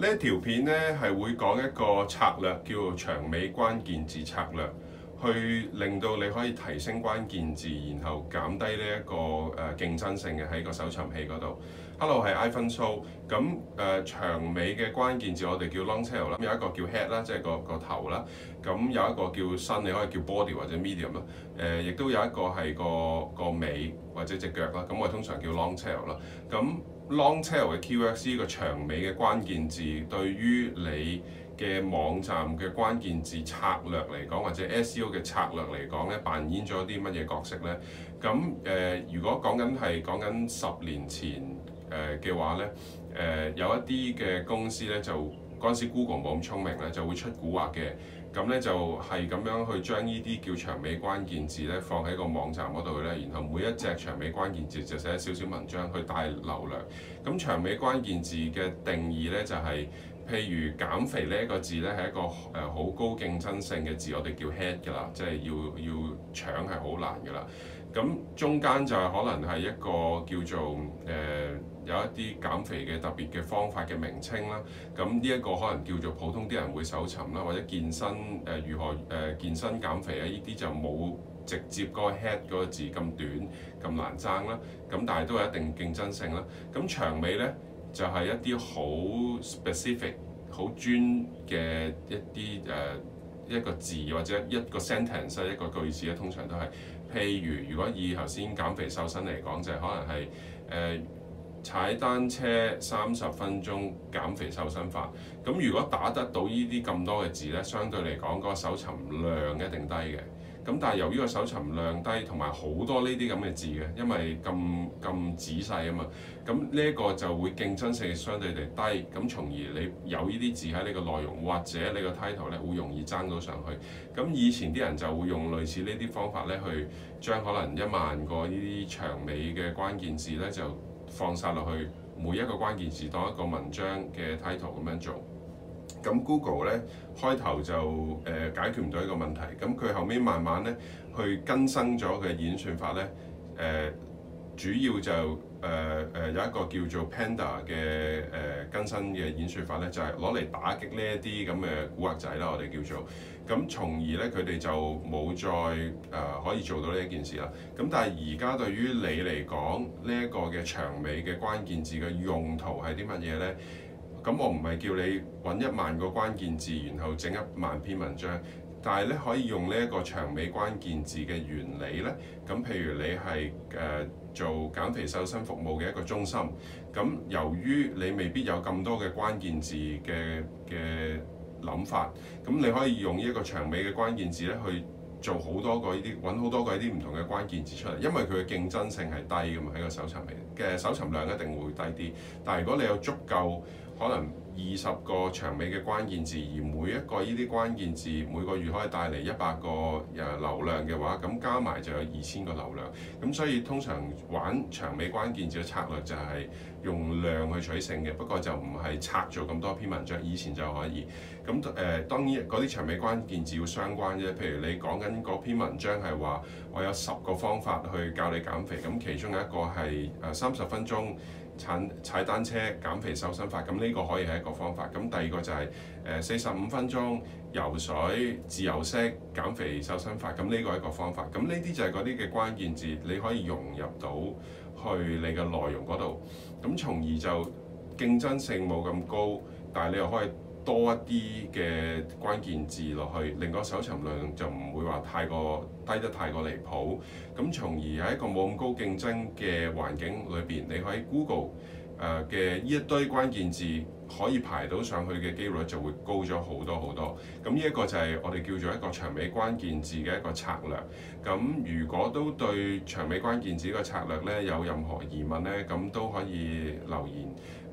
呢一條片呢，係會講一個策略，叫做長尾關鍵字策略，去令到你可以提升關鍵字，然後減低呢、這、一個誒、呃、競爭性嘅喺個搜尋器嗰度。Hello，係 Ivan So。咁、呃、誒長尾嘅關鍵字我哋叫 long tail 啦，有一個叫 head 啦，即係個個頭啦。咁有一個叫身，你可以叫 body 或者 medium 啦、呃。誒，亦都有一個係個個尾或者隻腳啦。咁我哋通常叫 long tail 啦。咁 Long tail 嘅 QX 呢個長尾嘅關鍵字，對於你嘅網站嘅關鍵字策略嚟講，或者 SEO 嘅策略嚟講咧，扮演咗啲乜嘢角色咧？咁誒、呃，如果講緊係講緊十年前誒嘅、呃、話咧，誒、呃、有一啲嘅公司咧就。嗰陣時 Google 冇咁聰明咧，就會出蠱惑嘅。咁咧就係咁樣去將呢啲叫長尾關鍵字咧放喺個網站嗰度咧，然後每一隻長尾關鍵字就寫少少文章去帶流量。咁長尾關鍵字嘅定義咧就係，譬如減肥呢一個字咧係一個誒好高競爭性嘅字，我哋叫 head 㗎啦，即係要要搶係好難㗎啦。咁中間就係可能係一個叫做誒、呃、有一啲減肥嘅特別嘅方法嘅名稱啦。咁呢一個可能叫做普通啲人會搜尋啦，或者健身誒、呃、如何誒、呃、健身減肥咧，呢啲就冇直接嗰個 head 嗰個字咁短咁難爭啦。咁但係都有一定競爭性啦。咁長尾咧就係、是、一啲好 specific 很、好專嘅一啲誒。一個字或者一個 sentence 一個句子咧，通常都係，譬如如果以頭先減肥瘦身嚟講，就係、是、可能係誒踩單車三十分鐘減肥瘦身法。咁如果打得到呢啲咁多嘅字咧，相對嚟講嗰個搜尋量一定低嘅。咁但係由於個搜尋量低，同埋好多呢啲咁嘅字嘅，因為咁咁仔細啊嘛，咁呢一個就會競爭性相對地低，咁從而你有呢啲字喺你個內容或者你個 title 咧，會容易爭到上去。咁以前啲人就會用類似呢啲方法咧，去將可能一萬個呢啲長尾嘅關鍵字咧，就放晒落去每一個關鍵字當一個文章嘅 title 咁樣做。咁 Google 咧開頭就誒、呃、解決唔到一個問題，咁佢後尾慢慢咧去更新咗佢嘅演算法咧，誒、呃、主要就誒誒、呃呃、有一個叫做 Panda 嘅誒、呃、更新嘅演算法咧，就係攞嚟打擊呢一啲咁嘅古惑仔啦，我哋叫做，咁從而咧佢哋就冇再誒、呃、可以做到呢一件事啦。咁但係而家對於你嚟講，呢、這、一個嘅長尾嘅關鍵字嘅用途係啲乜嘢咧？咁我唔係叫你揾一萬個關鍵字，然後整一萬篇文章，但係咧可以用呢一個長尾關鍵字嘅原理咧。咁譬如你係誒、呃、做減肥瘦身服務嘅一個中心，咁由於你未必有咁多嘅關鍵字嘅嘅諗法，咁你可以用呢一個長尾嘅關鍵字咧去做好多個呢啲揾好多個呢啲唔同嘅關鍵字出嚟，因為佢嘅競爭性係低㗎嘛，喺個搜尋嚟嘅搜尋量一定會低啲。但係如果你有足夠可能二十個長尾嘅關鍵字，而每一個呢啲關鍵字每個月可以帶嚟一百個誒流量嘅話，咁加埋就有二千個流量。咁所以通常玩長尾關鍵字嘅策略就係用量去取勝嘅，不過就唔係拆咗咁多篇文章，以前就可以。咁誒、呃、當然嗰啲長尾關鍵字要相關啫，譬如你講緊嗰篇文章係話我有十個方法去教你減肥，咁其中有一個係誒三十分鐘。踩踩單車減肥瘦身法，咁呢個可以係一個方法。咁第二個就係誒四十五分鐘游水自由式減肥瘦身法，咁呢個係一個方法。咁呢啲就係嗰啲嘅關鍵字，你可以融入到去你嘅內容嗰度，咁從而就競爭性冇咁高，但係你又可以。多一啲嘅關鍵字落去，令個搜尋量就唔會話太過低得太過離譜，咁從而喺一個冇咁高競爭嘅環境裏邊，你可以 Google 誒嘅呢一堆關鍵字可以排到上去嘅機率就會高咗好多好多。咁呢一個就係我哋叫做一個長尾關鍵字嘅一個策略。咁如果都對長尾關鍵字個策略咧有任何疑問咧，咁都可以留言。